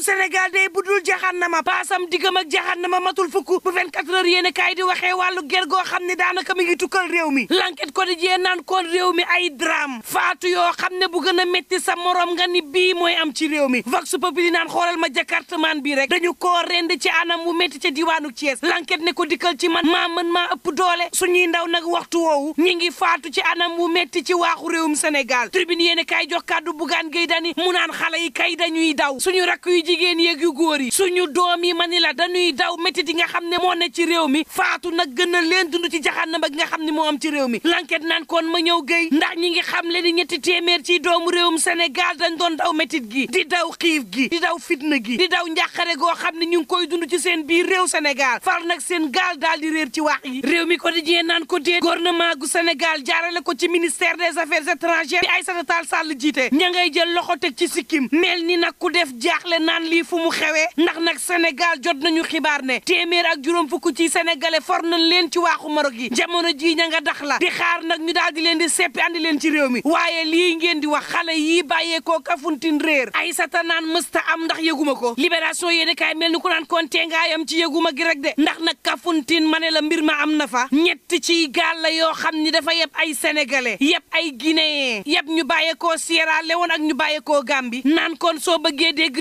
réewum Sénégal day budul jaxannama paasam diggam ak jaxannama matul fukk bu 24 heures yéen a kaay di waxee wàllu ger goo xam ne daanaka mi ngi tukkal réew mi l'enquête quotidien naan koon réew mi ay drame faatu yoo xam ne bu gën a métti sa morom nga ni bii mooy am ci réew mi vox populi naan xoolal ma jakartamaan bii rek dañu koo rend ci anam wu métti ci diwaanu Thiès l'enquête ne ko dikkal ci man maa mën maa ëpp doole suñuy ndaw nag waxtu woowu ñi ngi faatu ci anam wu métti ci waaxu réewum Sénégal tribune yéen a kaay jox kàddu bugaan mu naan xale yi dañuy daw suñu rakk jigéen yeeg yu góor yi suñu doom yi ma ni la dañuy daw métit yi nga xam ne moo ne ci réew mi faatu nag gën a leen dund ci jaxaanam ak nga xam ne moom ci réew mi lanket naan kon ma ñëw gëy ndax ñi ngi xam le ni ñetti téeméer ci doomu réewum senegal dañ doon daw metit gi di daw xiif gi di daw fitna gi di daw njàqare goo xam ne ñu ngi koy dund ci seen biir réew senegal far nag seen gaal daal réer ci wax yi réew mi quotidien naan ko déet gouvernement gu Sénégal jaarale ko ci ministère des affaires étrangères bi Aïssata Tall Sall jiite ña ngay jël loxo teg ci sikkim mel ni nag ku def jaaxle lii fu mu xewee ndax nag senegal jot nañu xibaar ne téeméer ak juróom fukk ci sénégalais for nañ leen ci waaxu gi yi jamono jii ña nga dax la xaar nag ñu daal di leen di seppi andi leen ci réew mi waaye lii ngeen di wax xale yii bàyyeekoo Kafountine réer ay sata naan mësta am ndax yëguma ko libération yéeni kaay mel ni ku naan konte ngaayam ci yëguma gi rek de ndax nag Kafountine ma ne la mbir ma am na fa ñett ci gaala yoo xam ni dafa yeb ay sénégalais yeb ay guinéen yeb ñu bàyyeekoo Sierra Leone ak ñu bàyyeekoo Gambie naan kon soo bëggee dégg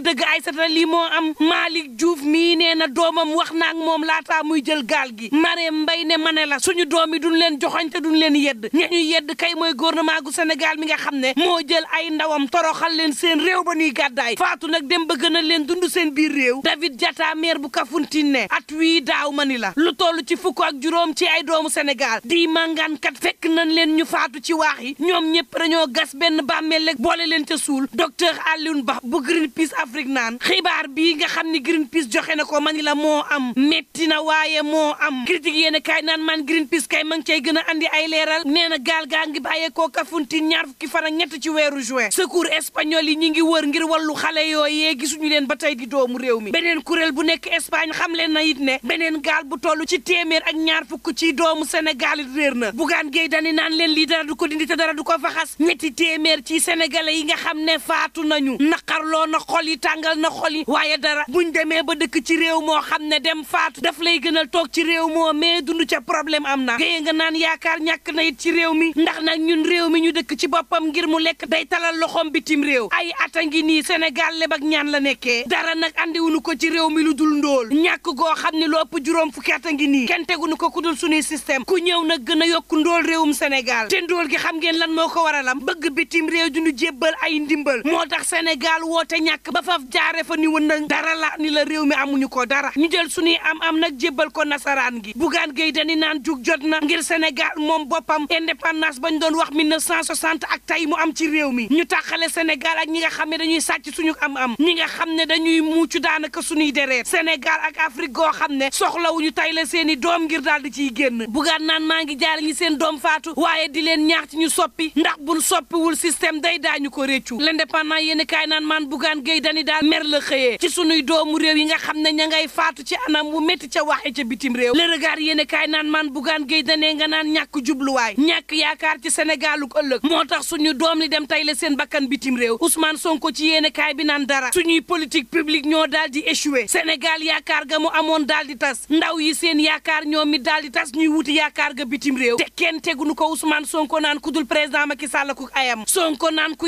aysata lii moo am Malick Diouf mii nee na doomam wax naak moom laataa muy jël gaal gi Marème Mbaye ne ma ne la suñu doom yi duñ leen joxoñ te leen yedd ñañuy yedd kay mooy gouvernement gu Sénégal mi nga xam ne moo jël ay ndawam toroxal leen seen réew ba nuy gàddaay faatu nag dem ba gën a leen dund seen biir réew David Diatta maire bu Kafountine ne at wii daaw ma ni la lu toll ci fukk ak juróom ci ay doomu Sénégal di màngankat fekk nañ leen ñu faatu ci waax yi ñoom ñëpp dañoo gas benn bàmmeel boole leen ca suul docteur Alioune Ba bu Greenpeace Afrique naan xibaar bii nga xam ni Greenpeace joxe na ko mani la moo am metti na waaye moo am critique yéen kaay naan man Greenpeace kay ma ngi cay gën a andi ay leeral nee na gaal gaa ngi bàyyeekoo Kafountine ñaar fukki fan ak ñett ci weeru juin secours espagnol yi ñu ngi wër ngir wallu xale yooyee gisuñu leen ba tey di doomu réew mi beneen kuréel bu nekk Espagne xam leen na it ne beneen gaal bu toll ci téeméer ak ñaar fukk ci doomu Sénégal it réer na bugaan géey dani naan leen lii dara du ko dindi te dara du ko faxas ñetti téeméer ci sénégalais yi nga xam ne faatu nañu naqarloo na xol yi tàngal na na waaye dara bu buñ demee ba dëkk ci réew moo xam ne dem faatu daf lay gënal toog ci réew moo mais dund ca problème am na géyee nga naan yaakaar ñàkk na it ci réew mi ndax nag ñun réew mi ñu dëkk ci boppam ngir mu lekk day talal loxoom bitim réew ay a ngi nii Sénégal leb ak ñaan la nekkee dara nag andiwuñu ko ci réew mi lu dul ndóol ñàkk goo xam ne lu ëpp juróom fukki at a ngi nii kenn teguñu ko ku dul suñuy système ku ñëw nag gën a yokk ndóol réewum Sénégal te gi xam lan moo ko waralam bëgg bitim réew duñu jébbal ay ndimbal moo tax Sénégal woote ñàkk ba faf jaare refa ni wëndëng dara la ni la réew mi amuñu ko dara ñu jël suñuy am am nag jébbal ko nasaraan gi bugaan géy dani naan jug jot na ngir Sénégal moom boppam indépendance bañ doon wax 1960 ak tey mu am ci réew mi ñu tàqale Sénégal ak ñi nga xam ne dañuy sàcc suñu am am ñi nga xam ne dañuy muucu daanaka suñuy dereet Sénégal ak Afrique goo xam ne soxlawuñu tay la seeni doom ngir daal di ciy génn bugaan naan maa ngi jaale ñi seen doom faatu waaye di leen ñaax ci ñu soppi ndax buñ soppiwul système day daañu ko réccu l'indépendant yéen kaay naan maan bugaan géy dani la xëyee ci sunuy doomu réew yi nga xam ne ña ngay faatu ci anam wu métti ca waxe ca bitim réew le regard yéen kaay naan maan bugaan géy danee nga naan ñàkk jubluwaay ñàkk yaakaar ci Sénégal uk ëllëg moo tax suñu doom li dem tey la seen bakkan bitim réew Ousmane Sonko ci yéen bi naan dara suñuy politique publique ñoo daal di échoué Sénégal yaakaar ga mu amoon daal di tas ndaw yi seen yaakaar ñoom mi daal di tas ñuy wuti yaakaar ga bitim réew te kenn tegunu ko Ousmane Sonko naan ku président Macky Sall ku ayam Sonko naan ku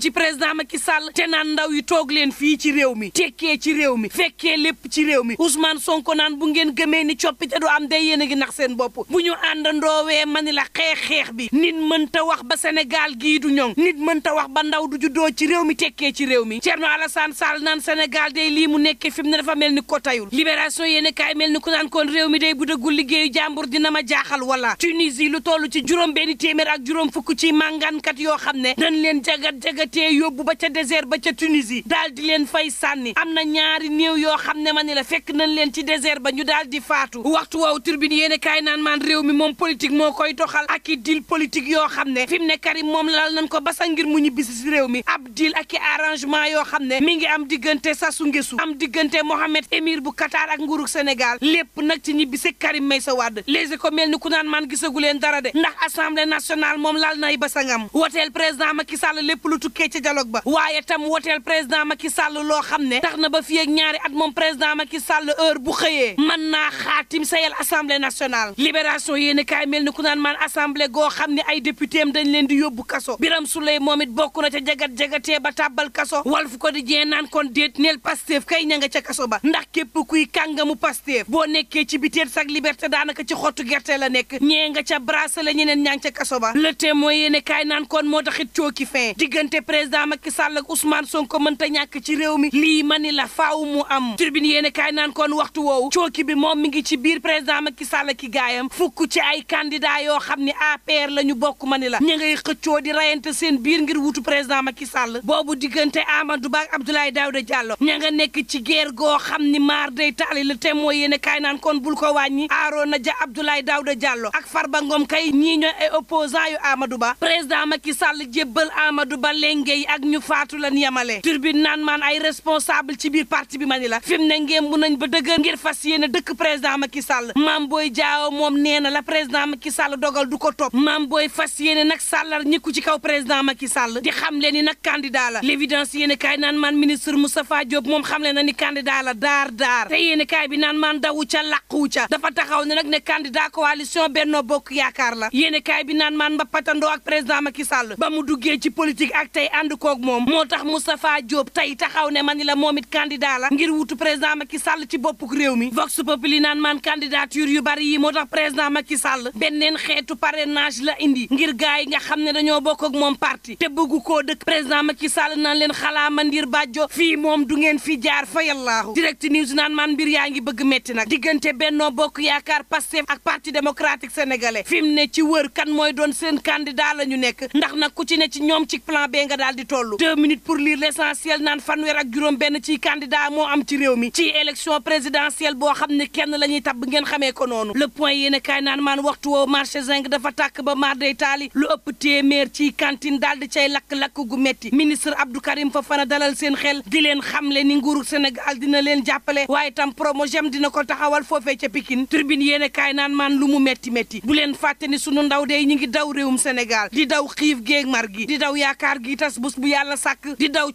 ci président Macky Sall naan ndaw yi toog leen fii ci réew mi tekkee ci réew mi fekkee lépp ci réew mi Ousmane Sonko naan bu ngeen gëmee ni coppite du am day yéen a ngi nax seen bopp bu ñu àndandoowee ma ni la xeex-xeex bi nit mënta wax ba Sénégal gii du ñoŋ nit mënta wax ba ndaw du juddoo ci réew mi tekkee ci réew mi Thierno Alassane Sall naan Sénégal day lii mu nekkee fi mu ne dafa mel ni ko tayul libération yéen mel ni ku naan kon réew mi day bu dëggul liggéeyu jàmbur dina ma jaaxal wala Tunisie lu toll ci juróom benn téeméer ak juróom fukk ci màngaankat yoo xam ne dañ leen jagat jagatee yóbbu ba ca désert ba ca Tunisie daal leen fay sànni am na ñaari néew yoo xam ne ma ni la fekk nañ leen ci désert ba ñu daal di faatu waxtu waaw turbine yéene kaay naan maan réew mi moom politique moo koy doxal ak i deal politique yoo xam ne fi mu ne Karim moom lal nañ ko basa ngir mu ñibbisi si réew mi ab deal ak i arrangement yoo xam ne mi ngi am diggante Sassou Nguesso am diggante Mohamed Émir bu Qatar ak nguurug Sénégal lépp nag ci ñibbisi Karim Meïssa Wade léegi ko mel ni ku naan maan gisagu leen dara de ndax assemblée nationale moom lal nay basangam woteel président Macky Sall lépp lu tukkee ci dialogue ba waaye Sall loo xam ne tax na ba fii ñaari at moom président Macky Sall heure bu xëyee mën naa xaatim sayal assemblée nationale libération yéen kaay mel ni ku naan maan assemblée goo xam ni ay député am dañ leen di yóbbu kaso Birame Souleye moom it bokk na ca jagat-jagatee ba tàbbal kaso di jee naan kon déet neel Pastef kay ña nga ca kaso ba ndax képp kuy kàngamu Pastef boo nekkee ci biteet sag liberte daanaka ci xottu gerte la nekk ñee nga ca bra la ñeneen ñaa ngi ca kaso ba le témoin yéen kaay naan kon moo taxit cooki fin diggante président Macky Sall ak Ousmane Sonko mënta ñàkk ci ci réew mi lii mani la faaw mu am tribune yéen kaay naan kon waxtu woowu cooki bi moom mi ngi ci biir président ki Sall ki gaayam fukk ci ay candidat yoo xam ni APR la ñu bokk mani la ña ngay xëccoo di rayante seen biir ngir wutu président Macky Sall boobu diggante amadu Ba ak Abdoulaye Daouda Diallo ña nga nekk ci guerre goo xam ni maar day taali la te mooy yéen kaay naan kon bul ko wàññi Arona Dia Abdoulaye Daouda Diallo ak Farba Ngom kay ñii ñooy ay opposant yu Amadou Ba président Macky Sall jébbal Amadou Ba lenge yi ak ñu faatu lan yamale ay responsable ci biir parti bi ma ni la fi mu ne ngeen bu nañ ba dëgër ngir fas yéene dëkk président Macky Sall maam booy jaawo moom nee na la président Macky Sall dogal du ko topp maam booy fas yéene nag sàllar ñikku ci kaw président Macky sàll di xam leen ni nag candidat la l' yéene kaay naan man ministre Moustapha Diop moom xam leen na ni candidat la daar daar te yéene kaay bi naan man dawu ca làqu ca dafa taxaw ne nag ne candidat coalition Benno Bokk Yaakaar la yéene kaay bi naan man mbapatandoo ak président Macky Sall ba mu duggee ci politique ak tey ànd koog moom moo tax Moustapha Diop tey tax taxaw ne man la moom it candidat la ngir wutu président Macky Sall ci boppuk réew mi Vox Populi naan man candidature yu bari yi moo tax président Macky Sall benneen xeetu parrainage la indi ngir gaay yi nga xam ne dañoo bokk moom parti te bëggu koo dëkk président Macky Sall naan leen xalaa mandir bàjjo fii moom du ngeen fi jaar fa yàllaahu direct news naan man mbir yaa ngi bëgg metti nag diggante bennoo bokk yaakaar Pastef ak parti démocratique sénégalais fi mu ne ci wër kan mooy doon seen candidat la ñu nekk ndax nag ku ci ci ñoom ci plan B nga daal di toll deux fanweer ak juróom benn ci candidat moo am ci réew mi ci élection présidentielle boo xam ne kenn la ñuy tabb ngeen xamee ko noonu le point yéen a kaay naan maan waxtu woo marché zinc dafa tàkk ba maar day taali lu ëpp ci cantine daal di cay lakk-lakk gu metti ministre Abdou Karim Fofana dalal seen xel di leen xam xamle ni nguuru Sénégal dina leen jàppale waaye tam promogem dina ko taxawal foofee ca Pikine turbine yéen a kaay naan maan lu mu metti metti bu leen fàtte ni sunu ndaw de ñu ngi daw réewum Sénégal di daw xiif géeg mar gi di gi tas bés bu yàlla sàkk di daw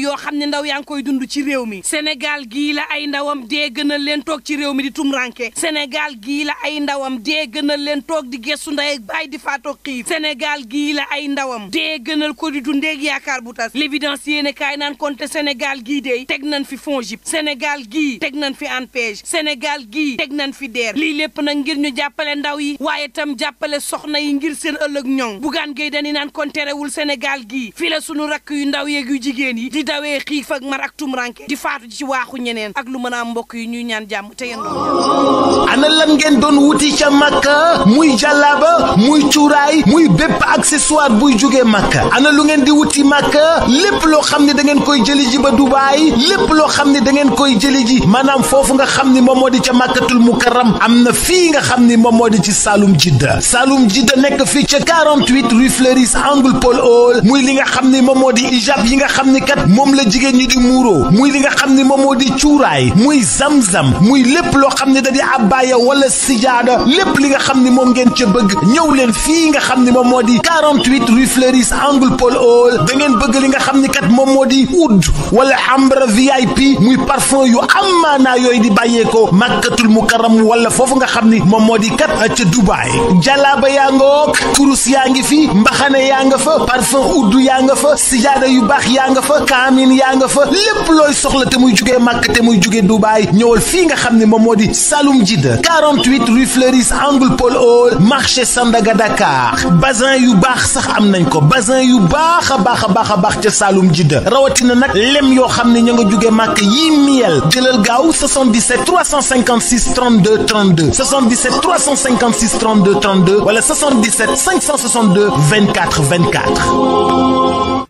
yoo xam ne ndaw yaa ngi koy dund ci réew mi Sénégal gii la ay ndawam dee gënal leen toog ci réew mi di tumranke Sénégal gii la ay ndawam dee gënal leen toog di gestu nday ak baay di faatoog xiif Sénégal gii la ay ndawam dee gënal ko di dundeeg yaakaar bu tas l'évidence yéene kaay naan konte Sénégal gii dey teg nañ fi FONGIP Sénégal gii teg nañ fi ANPEJ Sénégal gii teg nañ fi DER lii lépp nag ngir ñu jàppale ndaw yi waaye tam jàppale soxna yi ngir seen ëllëg ñoŋ bugaan géy dani naan kon terewul Sénégal gii fi sunu rakk yu ndaw yeeg jigéen yi di dawee xiif ak mar ak tumranke di faatu ci waaxu ñeneen ak lu mën a mbokk yi ñuy ñaan jàmm te yéen ana lan ngeen doon wuti ca màkka muy jàllaaba muy cuuraay muy bépp accessoire buy jógee màkka ana lu ngeen di wuti màkka lépp loo xam ne da ngeen koy jëli ji ba dubaay lépp loo xam ne da ngeen koy jëli ji maanaam foofu nga xam ni moom moo di ca màkkatul mukarram am na fii nga xam ni moom moo di ci saalum Jidda Saloum Jidda nekk fii ca 48 rue Fleuris angle Paul Hall muy li nga xam ni moom moo di ijab yi nga xam ni moom la jigéen ñi di muuroo muy li nga xam ni moom moo di cuuraay muy zamzam muy lépp loo xam ne da di abbaaya wala sijaada lépp li nga xam ni moom ngeen ca bëgg ñëw leen fii nga xam ni moom moo di 48 rue Fleuris angle Paul Hall da ngeen bëgg li nga xam ni kat moom moo di oud wala ambre VIP muy parfum yu amaanaa yooyu di bàyyeekoo màkkatul mukarram wala foofu nga xam ni moom moo di kat ca Dubaay jalaaba yaa bopp kurus yaa ngi fi mbaxane yaa nga fa parfum udd yaa nga fa sijaada yu baax yaa nga fa kaamin yaa nga fa lépp looy soxla te muy jugee màkk te muy jugee Dubaay ñëwal fii nga xam ne moom moo di Saloum Jidda 48 rue Fleuris angle Paul Hall marché Sandaga Dakar bazin yu baax sax am nañ ko bazin yu baax a baax a baax a baax ca Saloum Jidda rawatina nag lem yoo xam ne ña nga jugee màkk yii miel jëlal gaaw 77 356 32 32 77 356 32 32 wala 77 77 562 24 24